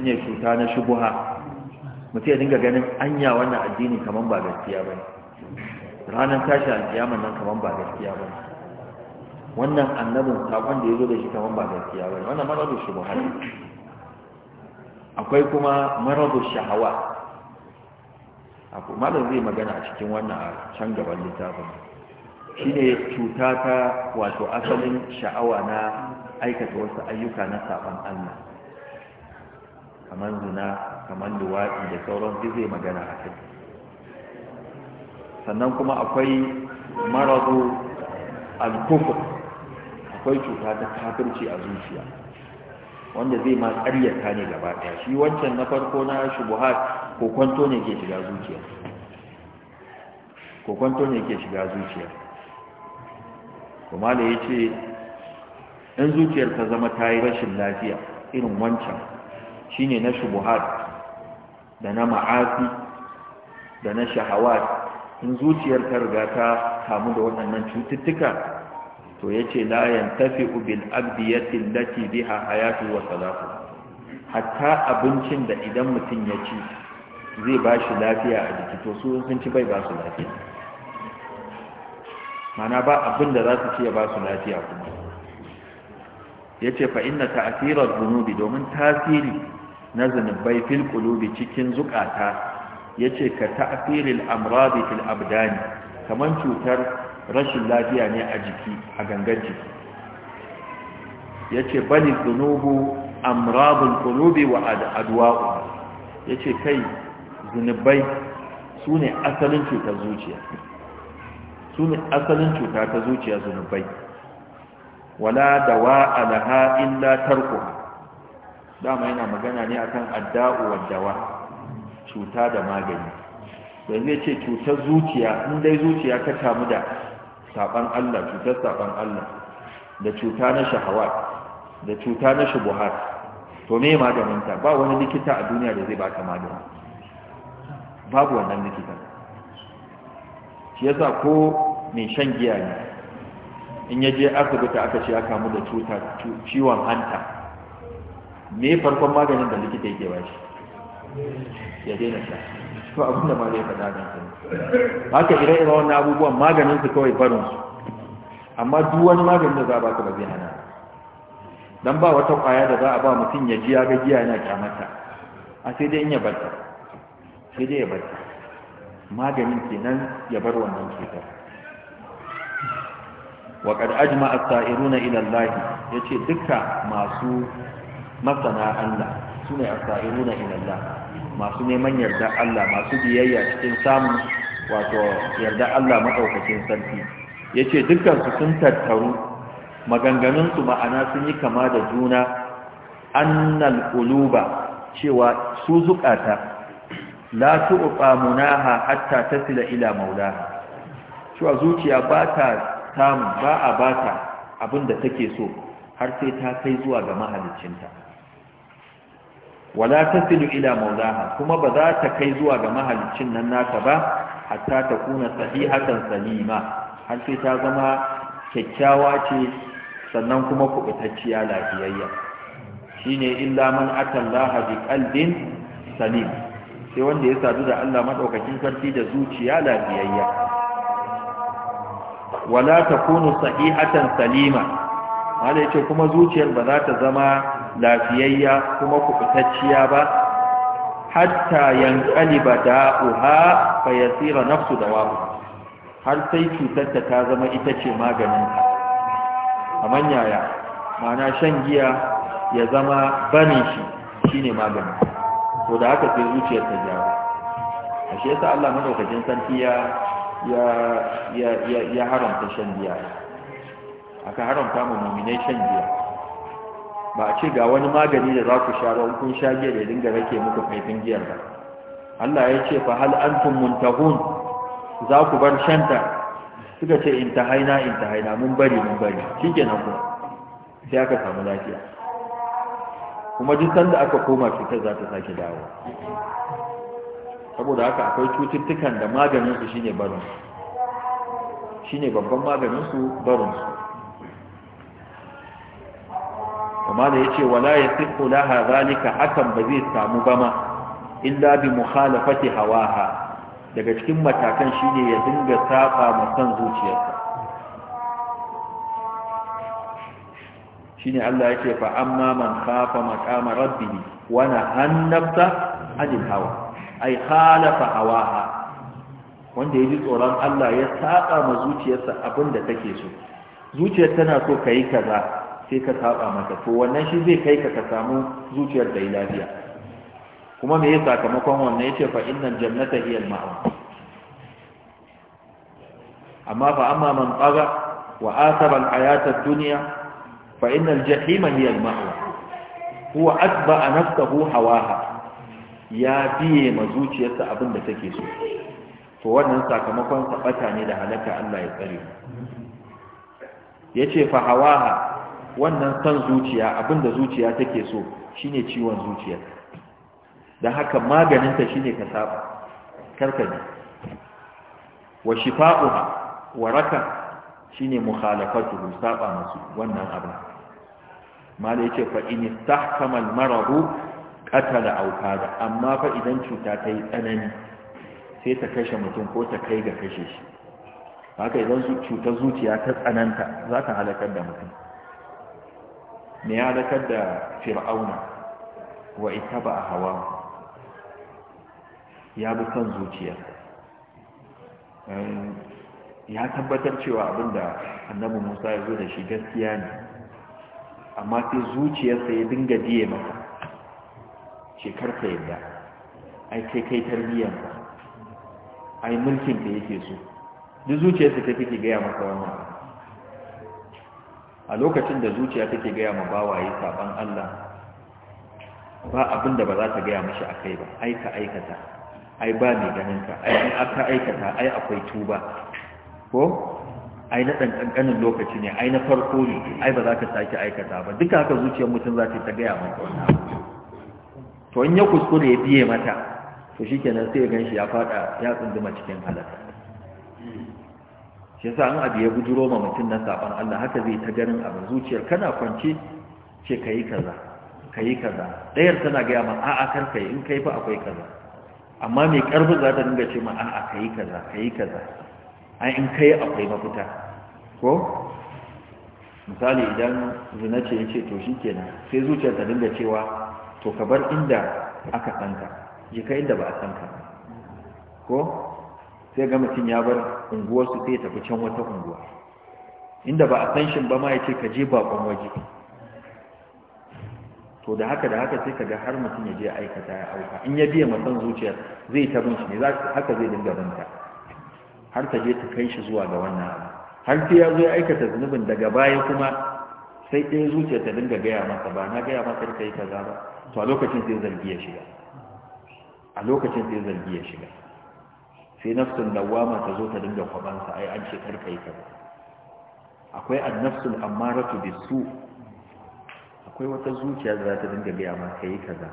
ne cuta na shubuha mutum ya dinga ganin anya wannan addini kamar ba gaskiya ba ranar tashi a alƙiyama nan kamar ba gaskiya ba wannan annabin sakon da ya zo da shi kamar ba gaskiya ba wannan maradun shubuha akwai kuma maradun shahawa aku malam zai magana a cikin wannan a can gaban littafin shine cuta ta wato asalin sha'awa na aikata wasu ayyuka na saban Allah kamar zina kamar luwaɗi da sauran duk zai magana a kai sannan kuma akwai maradu al-Kufur. akwai cuta ta kafirci a zuciya wanda zai ma ƙaryata ne gaba ɗaya shi wancan na farko na shubuhat kokwanto ne ke shiga zuciya ne ke shiga zuciya kuma da ya ce in zuciyar ta zama ta yi rashin lafiya irin wancan shi ne na shubuhat da na ma'afi da na shahawar. in zuciyar ta riga ta kamu da waɗannan cututtuka to ya ce tafi yantafi bil abdiyati allati biha hayatu wa salatu hatta abincin da idan mutum ya ci zai ba shi lafiya a jiki to su sun ci bai ba su lafiya mana ba abin da za su ci ya ba su lafiya kuma ya ce fa inna ta'asirar zunubi domin tasiri na zunubai fil kulubi cikin zukata ya ce ka ta'asiril amurabi fil abdani kamar cutar rashin lafiya ne a jiki a gangan jiki ya ce bani zunubu amradul kulubi wa adwa'u ya ce kai zunubai su ne asalin cutar zuciya su ne asalin cuta ta zuciya zunubai wala da wa alaha illa tarko dama yana magana ne akan adda'u wa dawa cuta da magani da zai ce cutar zuciya in dai zuciya ka kamu da saban Allah cutar saban Allah da cuta na shahawa da cuta na shubuhar, to me maganin ta ba wani likita a duniya da zai baka magani babu wannan likitan shi yasa ko mai shan giya ne in ya je asibiti aka ce aka kamu da cuta ciwon hanta me farkon maganin da likita yake ba shi ya daina sha to abin da ma zai faɗa kan sa haka ire ire wannan abubuwan maganin su kawai barin su amma duk wani maganin da za a baka ba zai hana dan ba wata kwaya da za a ba mutum ya ji ya ga giya yana kyamata a sai dai in ya barta sai dai ya bar maganin kenan ya bar wannan cutar wa kad ajma as-sa'iruna ila Allah yace dukkan masu masana Allah sune as-sa'iruna ila Allah masu neman yarda Allah masu biyayya cikin samun wato yarda Allah madaukakin sarki yace dukkan su sun tattaru maganganun su ma'ana sun yi kama da juna annal quluba cewa su zukata la tu'qa munaha hatta tasila ila maulaha cewa zuciya ba ta samu ba a ba ta abinda take so har sai ta kai zuwa ga mahaliccinta wala tasilu ila maulaha kuma ba za ta kai zuwa ga mahaliccin nan nata ba hatta ta kuna sahihatan salima har sai ta zama kyakkyawa ce sannan kuma kubutacciya lafiyayya shine illa man atallaha biqalbin salim sai wanda ya sadu da Allah maɗaukakin sarki da zuciya lafiyayya wala ta kunu sahihatan salima wanda kuma zuciyar ba za ta zama lafiyayya kuma kubutacciya ba hatta yanqaliba da'uha fa yasira nafsu dawabu har sai cutar ta zama ita ce maganin ta yaya ma'ana shan giya ya zama banin shi shine maganin ko da haka sai zuciyar ta jawo a shi yasa Allah madaukakin sarki ya ya haramta shan giya aka haramta mu mu'minai shan giya ba a ce ga wani magani da za ku sha ba kun sha giya da dinga rake muku kaifin giyar ba Allah ya ce fa hal antum muntahun za ku bar shanta suka ce in ta mun bari mun bari shi kenan ku sai aka samu lafiya kuma duk sanda aka koma cutar za ta sake dawo saboda haka akwai cututtukan da maganinsu shine shine babban maganinsu barinsu kuma da ya ce wala ya sifo ha zalika hakan ba zai samu ba ma illa bi mukhalafati hawaha daga cikin matakan shine ya dinga saba ma san zuciyarsa shine Allah yake fa amma man khafa maqama rabbih wa nahannafta anil hawa ay khalafa hawaha wanda yaji tsoron Allah ya saba ma zuciyarsa abinda take so zuciyar tana so kai kaza sai ka saba mata to wannan shi zai kai ka ka samu zuciyar da lafiya kuma me ya sakamakon wannan yace fa innal jannata hiya al ma'wa amma fa amma man taga wa asaba al hayata ad-dunya فإن الجحيم هي المأوى هو أتبع نفسه هواها يا بي مزوج يسا أبن دتكيسو فوانا ساكمكوان سقطاني لهلك ya tsare yace fa hawaha wannan san zuciya abinda zuciya take so shine ciwon zuciya dan haka maganinta shine ka saba karka bi. wa shifa'uha wa raka shine mukhalafatu saba masu wannan abin mala yace fa in istahkama al maradu qatala aw amma fa idan cuta ta yi tsanani sai ta kashe mutum ko ta kai ga kashe shi haka idan cuta zuciya ta tsananta za ta halakar da mutum me ya halakar da fir'auna wa ita ba a hawa ya bi son zuciya ya tabbatar cewa abinda annabi musa ya zo da shi gaskiya ne amma sai zuciyarsa ya dinga biye masa shekar ka yadda ai kai kai tarbiyyar ka ai mulkin ka yake so duk zuciyarsa ta take gaya masa wannan a lokacin da zuciya take gaya ma bawaye saban Allah ba abin da ba za ta gaya mashi akai ba aika aikata ai ba mai ganin ka ai an aka aikata ai akwai tuba ko ai na ɗanɗanƙanin lokaci ne ai na farko ne ai ba za ka sake aikata ba duka haka zuciyar mutum za ta gaya mata wannan abu to in ya kuskure ya biye mata to shi kenan sai ya gan shi ya faɗa ya tsunduma cikin halaka shi yasa an abu ya bujuro ma mutum na saɓan Allah haka zai ta ganin abu, zuciyar kana kwance ce ka yi kaza ka yi kaza ɗayar tana gaya ma a'a kar ka yi in kai fa akwai kaza amma mai ƙarfin za ta dinga ce ma a ka kaza ka yi kaza ai in kai akwai mafita ko misali idan zina ce ya ce to shi kenan sai zuciyar ta dinga cewa to ka bar inda aka tsanka, je ka inda ba a tsanka. ko sai ga mutum ya bar unguwarsu sai ya tafi can wata unguwa inda ba a san shi ba ma ya ce ka je bakon waje to da haka da haka sai ka ga har mutum ya je aikata ya auka in ya biya masan zuciyar zai ta bin shi ne haka zai dinga binta har ta je ta kai shi zuwa ga wannan abu har sai ya zo ya aikata zunubin daga baya kuma sai ɗaya zuciya ta dinga gaya masa ba na gaya masa ka yi kaza ba to a lokacin sai zargi ya shiga a lokacin sai zargi ya shiga sai nafsun lawama ta zo ta dinga kwabansa ai an ce karka yi kaza akwai annafsul ammaratu bisu akwai wata zuciya da za ta dinga gaya masa kai kaza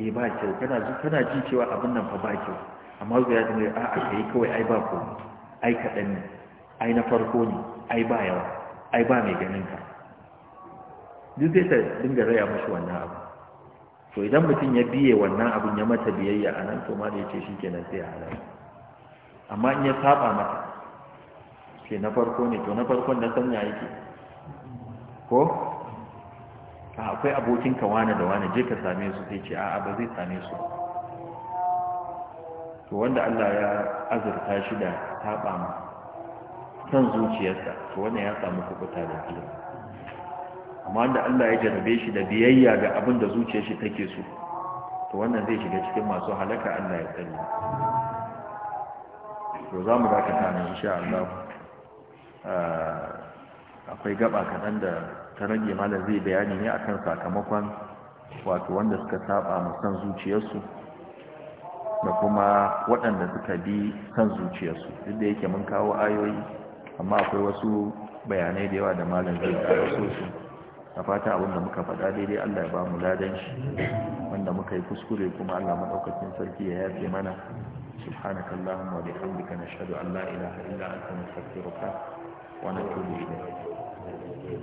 eh ba kyau kana ji cewa abin nan fa ba kyau amma zuwa ya ji a ka yi kawai ai ba ko ai kaɗan ne ai na farko ne ai ba yawa ai ba mai ganin ka duk zai ta dinga raya mashi wannan abu to idan mutum ya biye wannan abun ya mata biyayya a nan to ma da ya ce shi ke nan sai a halar amma in ya saba mata ke na farko ne to na farkon na sanya yake ko akwai abokin wane da wane je ka same su sai ce a'a ba zai same su to wanda Allah ya azurta shi da taɓa ma kan zuciyarsa to wanda ya samu kubuta da biya amma wanda Allah ya jarabe shi da biyayya ga abin da zuciyar shi take so to wannan zai shiga cikin masu halaka Allah ya tsare to za mu dakata ne insha Allah ah, akwai gaba kaɗan da ta rage malam zai bayani ne akan sakamakon wato wanda suka saba ma san zuciyarsu da kuma waɗanda suka bi kan zuciyarsu duk da yake mun kawo ayoyi amma akwai wasu bayanai da yawa da malam zai kawo su a fata abinda muka faɗa daidai Allah ya ba mu ladan shi wanda muka yi kuskure kuma Allah maɗaukacin sarki ya yafe mana سبحانك اللهم وبحمدك نشهد أن لا إله إلا أنت نستغفرك ونتوب إليك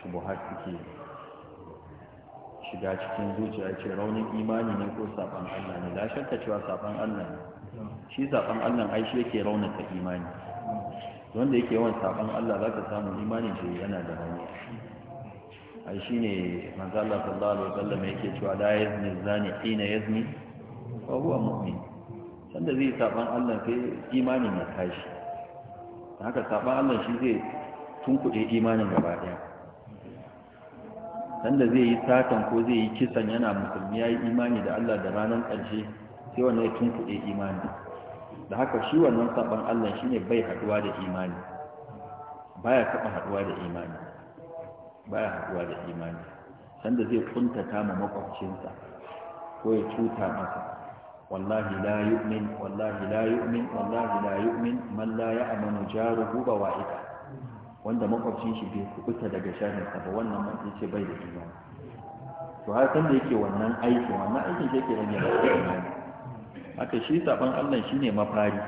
shubuhat suke shiga cikin zuciya ce raunin imani ne ko saban Allah ne la shakka cewa saban Allah ne shi saban Allah ai shi yake raunata imani wanda yake yawan saban Allah zaka samu imani shi yana da rauni ai shine manzo Allah sallallahu alaihi wasallam yake cewa la yazni zani hina yazni wa huwa mu'min sanda zai saban Allah sai imanin ya tashi haka saban Allah shi zai tunkuɗe imanin gaba ɗaya sanda zai yi satan ko zai yi kisan yana musulmi ya yi imani da Allah da ranar ƙarshe sai wannan ya tunkuɗe imani da haka shi wannan saɓon Allah shi ne bai haɗuwa da imani baya taɓa haɗuwa da imani baya haɗuwa da imani sanda zai kuntata ma makwabcinsa ko ya cuta masa wallahi la yu'min wallahi la yu'min wallahi la yu'min man la ya'manu jaruhu bawa'ika wanda makwabcin shi bai kubuta daga sharinsa ba wannan ba ce bai da imani to har san da yake wannan aikin wannan aikin shi yake rage da imani haka shi saban Allah shine mafari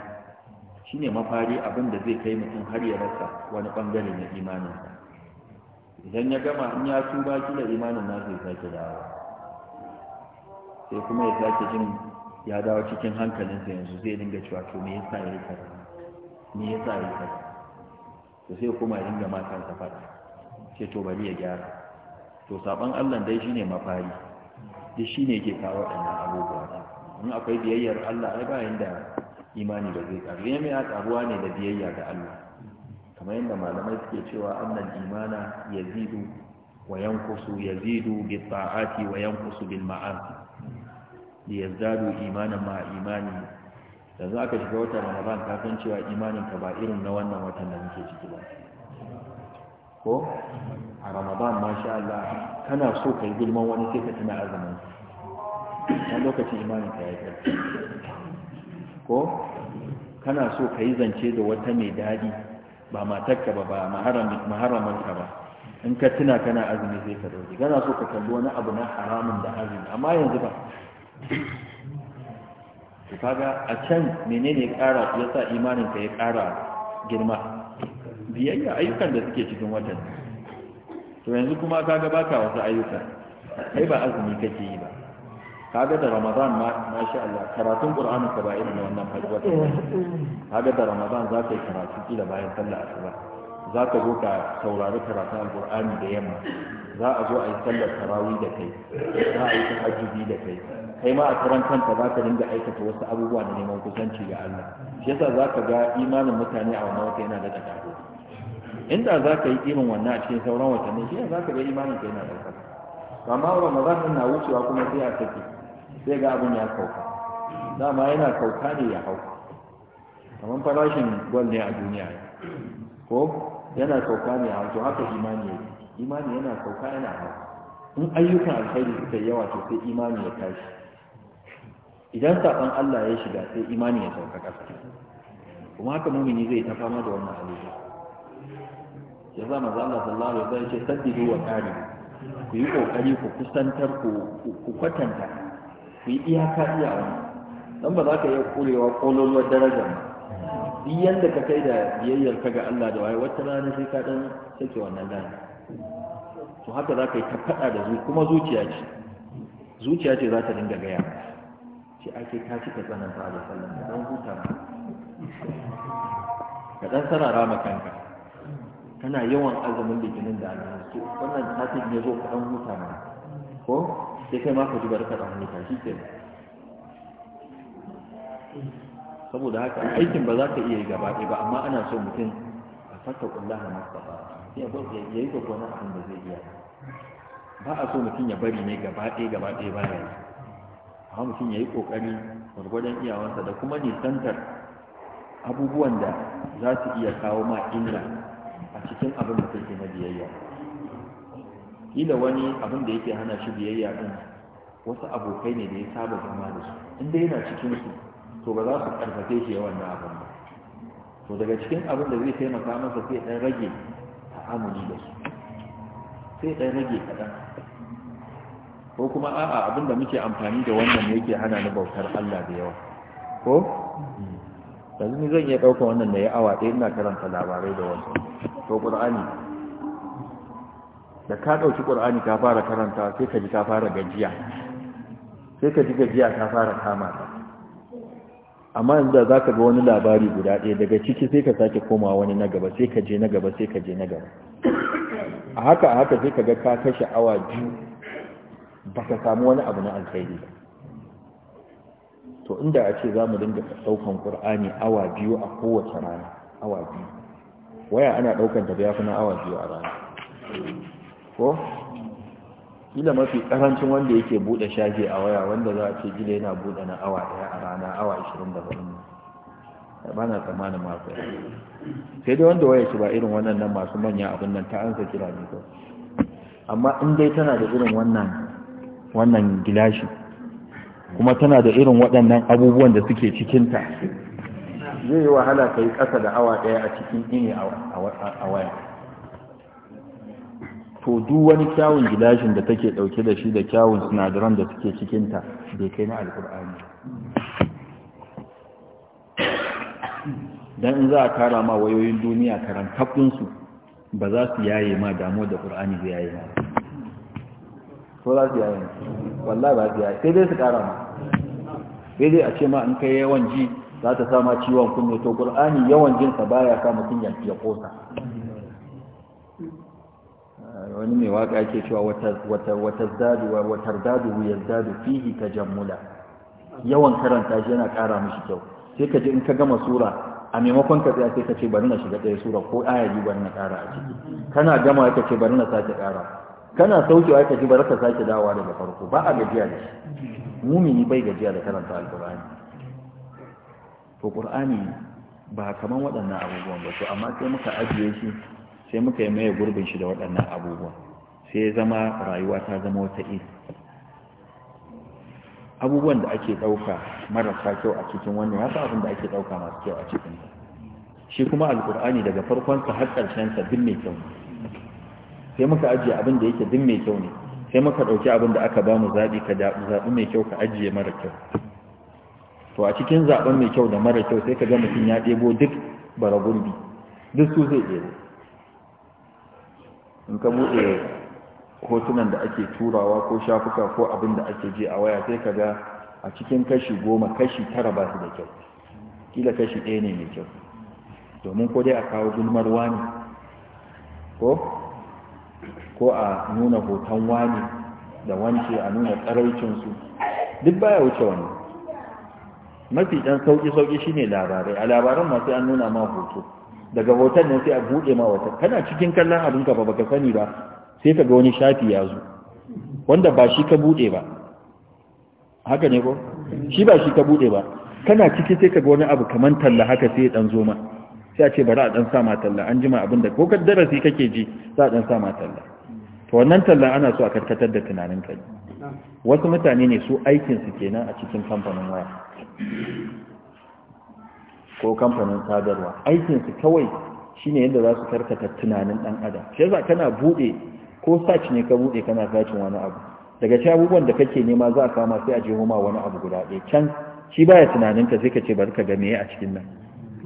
shine mafari abin da zai kai mutum har ya rasa wani bangare na imanin idan ya gama in ya tuba da imanin na zai sake dawo sai kuma ya sake jin ya dawo cikin hankalinsa yanzu zai dinga cewa to me yasa ya yi me yasa ya yi kaza to sai kuma ya dinga ta faɗa ce to bari ya gyara to saban Allah dai shine mafari duk shine yake kawo waɗannan abubuwa in akwai biyayyar Allah ai ba yanda imani ba zai karu ne mai ne da biyayya ga Allah kamar yanda malamai suke cewa annal imana yazidu wa yanqusu yazidu bi ta'ati wa yanqusu bil ma'asi li yazdadu imanan ma imani yanzu aka shiga wata ramadan ka san cewa imanin ka ba irin na wannan watan da muke ciki ba ko a ramadan masha Allah kana so ka yi gulman wani sai ka tana azumin ta lokacin imanin ka ya kai ko kana so ka yi zance da wata mai daɗi ba matakka ba ba maharamanka ba in ka tuna kana azumi sai ka dauki kana so ka kalli wani abu na haramun da azumi amma yanzu ba kaga a can menene ya ƙara ya sa imaninka ya ƙara girma biyayya ayyukan da suke cikin watan to yanzu kuma kaga baka wasu ayyuka kai ba azumi kake yi ba kaga da ramadan ma masha Allah karatun qur'ani ka ba irin wannan fadwa ta kaga da ramadan za ka yi karatu kila bayan sallah asuba za ka zo ka saurari karatun alqur'ani da yamma za a zo a yi sallar tarawih da kai za a yi tahajjudi da kai kai ma a tsaron kanta za ka dinga aikata wasu abubuwa da neman kusanci ga Allah shi yasa za ka ga imanin mutane a wannan wata yana da tsakago inda za ka yi irin wannan a cikin sauran watanni shi ne za ka ga imanin ka yana da tsakago amma ramadan din na wucewa kuma sai a sake sai ga abin ya sauka dama yana sauka ne ya hau kamar farashin gwal ne a duniya ko yana sauka ne a hau to haka imani yake imani yana sauka yana hau in ayyukan alkhairi suka yawa to sai imani ya tashi idan saban Allah ya shiga sai imani ya sauka ƙasa kuma haka mumini zai ta fama da wannan halitta ya zama za Allah sallallahu alaihi wasallam ya ce saddidu wa ku yi kokari ku kusantar ku kwatanta ku yi iyaka iyawa dan ba za ka iya kurewa kololuwar darajar ba duk yanda ka kai da biyayyar ka ga Allah da waye wata rana sai ka dan sake wannan dan to haka za ka yi ta faɗa da zuciya zuciya ce zuciya ce za ta dinga gaya shi ake tashi ka tsananta da sallah da ɗan huta ma ka dan sarara ma kanka kana yawan azumin litinin da alhamis to wannan ce ne zo ka dan huta ma ko sai kai ma ka ji barka da hannu shi ke saboda haka aikin ba za ka iya yi gaba ɗaya ba amma ana so mutum a fata kullaha mastafa ya yi gwagwana abin da zai iya ba a so mutum ya bari ne gaba ɗaya gaba ɗaya ba ya yi amma mutum ya yi ƙoƙari gwargwadon iyawansa da kuma nisantar abubuwan da za su iya kawo ma illa a cikin abin da kake na biyayya kila wani abin da yake hana shi biyayya din wasu abokai ne da ya saba zama da su inda yana cikin su to ba za su karfafe shi yawan na abin ba to daga cikin abin da zai taimaka masa sai ɗan rage ta'amuli da su sai ɗan rage kaɗan ko kuma a'a abinda muke amfani da wannan yake hana ni bautar Allah da yawa ko yanzu ni zan iya ɗauka wannan da ya awa ɗaya ina karanta labarai da wannan to qur'ani da ka ɗauki ƙur'ani ka fara karanta sai ka ji ka fara gajiya sai ka ji gajiya ka fara kama ta amma yanzu da za ka ga wani labari guda ɗaya daga ciki sai ka sake koma wani na gaba sai ka je na gaba sai ka je na gaba a haka a haka sai ka ga ka kashe awa biyu ba ka samu wani abu na alkhairi ba to inda a ce za mu dinga ɗaukan ƙur'ani awa biyu a kowace rana awa biyu waya ana ɗaukan ta ya na awa biyu a rana ko ila mafi ƙarancin wanda yake buɗe shaje a waya wanda za a ce gida yana buɗe na awa ɗaya a rana awa ashirin da wani ba na tsammanin masu sai dai wanda waya shi ba irin wannan nan masu manya abin nan ta ansa kira ne ko amma in dai tana da irin wannan wannan gilashi kuma tana da irin waɗannan abubuwan da suke cikinta zai yi wahala ka yi ƙasa da awa ɗaya a cikin ini a waya to duk wani kyawun gilashin da take ɗauke da shi da kyawun sinadaran da suke cikinta bai kai na Alƙur'ani. don in za a kara ma wayoyin duniya karantakunsu ba za su yaye ma damuwa da ƙur'ani zai yaye ma ko za su yayin wallahi ba su yaya sai dai su kara ma sai dai a ce ma in kai yawan ji za ta sama ciwon kunne to qur'ani yawan jinsa baya sa mutum ya ya kosa wani mai waka yake cewa wata wata wata zadu wa wata zadu ya zadu fihi tajammula yawan karanta shi yana kara mishi kyau sai ka ji in ka gama sura a maimakon ka tsaya sai ka ce bari na shiga ɗaya sura ko aya biyu bari na ƙara a ciki kana gama ka ce bari na sake kara kana sauke wa kaji baraka sake dawowa daga farko ba a gajiya da shi mumini bai gajiya da karanta alkur'ani to qur'ani ba kaman waɗannan abubuwan ba to amma sai muka ajiye shi sai muka yi maye gurbin shi da waɗannan abubuwan sai zama rayuwa ta zama wata iri abubuwan da ake ɗauka marasa kyau a cikin wannan ya abin da ake ɗauka masu kyau a cikin shi kuma alkur'ani daga farkon farkonsa har ƙarshensa duk mai kyau ne sai muka ajiye abin da yake din mai kyau ne sai muka ɗauki abin da aka ba mu zaɓi ka zaɓi mai kyau ka ajiye mara kyau to a cikin zaɓen mai kyau da mara kyau sai ka ga mutum ya ɗebo duk bara duk su zai ɗebo in ka buɗe hotunan da ake turawa ko shafuka ko abin da ake je a waya sai ka ga a cikin kashi goma kashi tara ba su da kyau kila kashi ɗaya ne mai kyau domin ko dai a kawo gulmarwa ne ko ko a nuna hoton wani da wance a nuna tsaraucinsu duk baya wuce wani mafi ɗan sauƙi-sauƙi shine labarai a labaran masu an nuna ma hoto daga hoton ne sai a buɗe ma wata kana cikin kallon abin ka ba baka sani ba sai ka ga wani shafi ya zo wanda ba shi ka buɗe ba haka ne ko shi ba shi ka buɗe ba kana ciki sai ka ga wani abu kamar talla haka sai ya ɗan zo ma sai a ce bari a dan sa ma talla an jima abinda ko darasi kake ji za a dan sa ma talla to wannan talla ana so a karkatar da tunanin kai wasu mutane ne su aikin kenan a cikin kamfanin waya ko kamfanin sadarwa Aikinsu su kawai shine yadda za su karkata tunanin dan adam shi yasa kana bude ko search ne ka buɗe kana searching wani abu daga cikin abubuwan da kake nema za a kama sai a je homa wani abu guda ɗaya can shi baya tunanin ka sai ka ce bari ka ga meye a cikin nan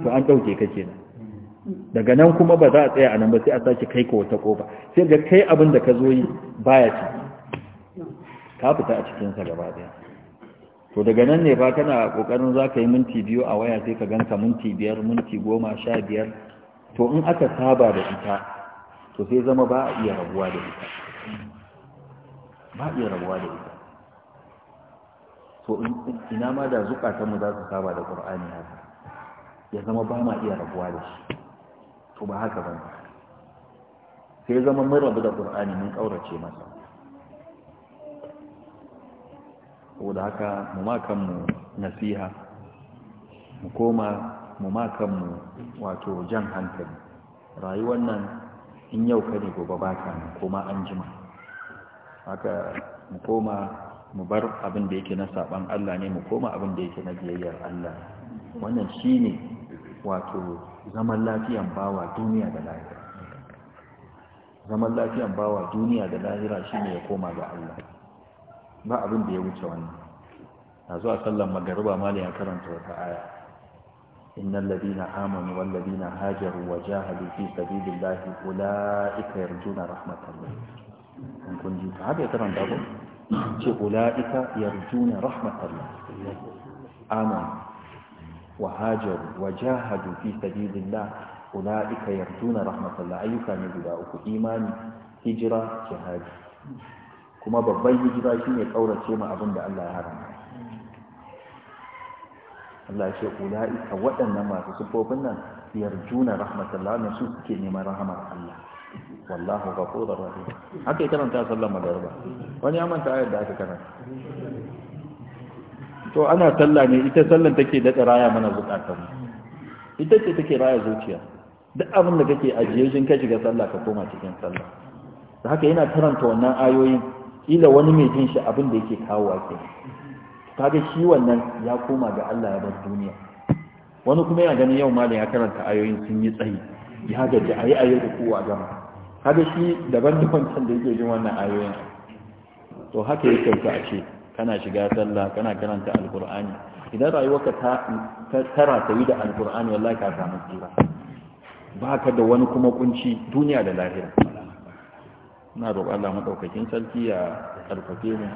to an ɗauke ka kenan daga nan kuma ba za a tsaya a nan ba sai a sake kai ka wata ƙofa sai ga kai abin da ka zo yi baya ci ka fita a cikinsa gaba ɗaya to daga nan ne ba kana ƙoƙarin za ka yi minti biyu a waya sai ka ganka minti biyar minti goma sha biyar to in aka saba da ita to sai zama ba a iya rabuwa da ita ba a iya rabuwa da ita to ina ma da zukatanmu za su saba da ƙur'ani haka ya zama ba ma iya rabuwa da shi to ba haka ba sai zama mun rabu da Al-Qur'ani mun ƙaurace masa saboda haka mu ma kanmu nasiha mu koma mu ma kanmu wato jan hankali rayuwar nan in yau ka ne gobe ba ka ne ma an jima haka mu koma mu bar abin da yake na saban Allah ne mu koma abin da yake na biyayyar Allah wannan shine wato zaman lafiyan bawa duniya da lahira zaman lafiyan bawa duniya da lahira shine ya koma ga Allah ba abin da ya wuce wannan a zuwa sallan magariba mali ya karanta wata aya innal ladina amanu wal ladina hajaru wa jahadu fi sabilillahi ulaika yarjuna rahmatallahi kun ji ta haka ya karanta ko ce ulaika yarjuna rahmatallahi amin wa hajaru wa jahadu fi sabilillah ulaika yarjuna rahmatullah ayyuka ne guda uku imani hijira jihadi kuma babban hijira shine kaurace mu abin da Allah ya haramta Allah ce ulaika waɗannan masu sufofin nan yarjuna rahmatullah ne su suke neman rahmar Allah wallahu ghafurur rahim haka ita ta sallama da wani ya manta ayar da aka karanta to ana talla ne ita sallan take daɗa raya mana bukatun ita ce take raya zuciya duk abin da kake ajiye shin ka shiga sallah ka koma cikin sallah da haka yana karanta wannan ayoyin kila wani mai jin shi abin da yake kawo ke kaga shi wannan ya koma ga Allah ya bar duniya wani kuma yana ganin yau malam ya karanta ayoyin sun yi tsayi ya gaji ayi ayi da kowa gama kaga shi daban-daban can da yake jin wannan ayoyin to haka yake kyauta a ce kana shiga sallah kana karanta alkur'ani idan rayuwarka ta tara ta yi da alkur'ani wallahi ka samu tsira baka da wani kuma kunci duniya da lahira na roƙon Allah maɗaukakin sarki ya karfafe mu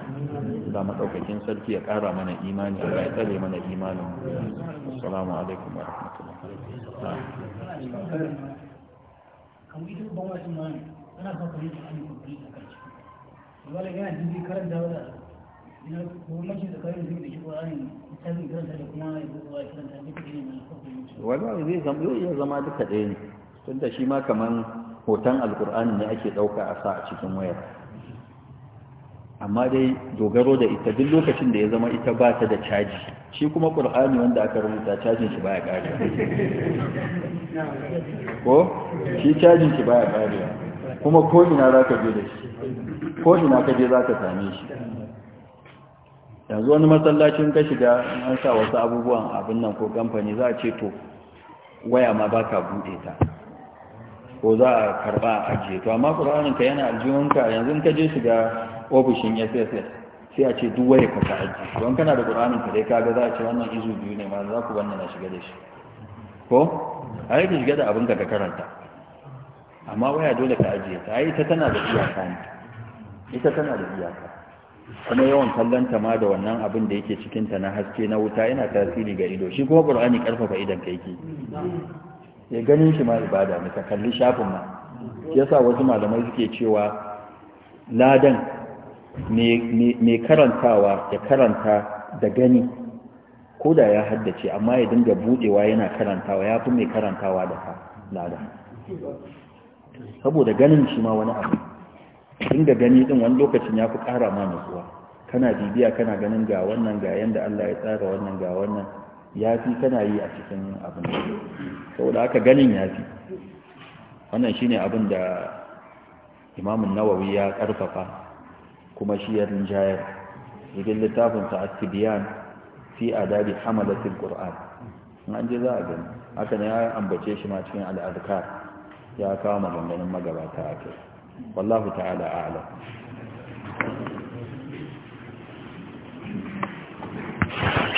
Allah maɗaukakin sarki ya ƙara mana imani Allah ya tsare mana imanin assalamu alaikum wa rahmatullah wani zai zama yau iya zama duka ɗaya ne tun da shi ma kamar hoton alkur'ani ne ake ɗauka a sa a cikin wayar amma dai dogaro da ita duk lokacin da ya zama ita ba ta da caji shi kuma ƙur'ani wanda aka rubuta cajin shi baya ƙariya ko shi cajin shi baya ƙariya kuma ko ina za ka je da shi ko ina ka je za ka same shi yanzu wani matsalacin ka shiga an sa wasu abubuwan abin nan ko kamfani za a ce to waya ma baka bude ta ko za a karba a ajiye to amma ƙur'anin ka yana aljihunka yanzu ka je shiga ofishin SSS sai a ce duk waya ka ka ajiye don kana da ƙur'anin ka dai kaga za a ce wannan izu biyu ne ma za ku wannan na shiga da shi ko a yi shiga da abin ka ka karanta amma waya dole ka ajiye ta ai ita tana da iyaka ne ita tana da iyaka kuma yawan kallon ta ma da wannan abin da yake cikin ta na haske na wuta yana tasiri ga ido shi kuma qur'ani karfafa idan ka yake ya ganin shi ma ibada ne kalli shafin ma yasa wasu malamai suke cewa ladan mai karantawa ya karanta da gani koda ya haddace amma ya dinga budewa yana karantawa ya fi mai karantawa da ladan lada saboda ganin shi ma wani abu da gani din wani lokacin ya fi ƙara ma nutsuwa kana bibiya kana ganin ga wannan ga yanda Allah ya tsara wannan ga wannan ya fi kana yi a cikin abin saboda haka ganin ya fi wannan shi ne abin da imamun nawawi ya ƙarfafa kuma shi ya rinjayar cikin littafinsa at-tibyan fi adabi hamalatil In an je za a gani haka ne ya ambace shi ma cikin al'adukar ya kawo maganganun magabata a kai والله تعالى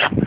أعلم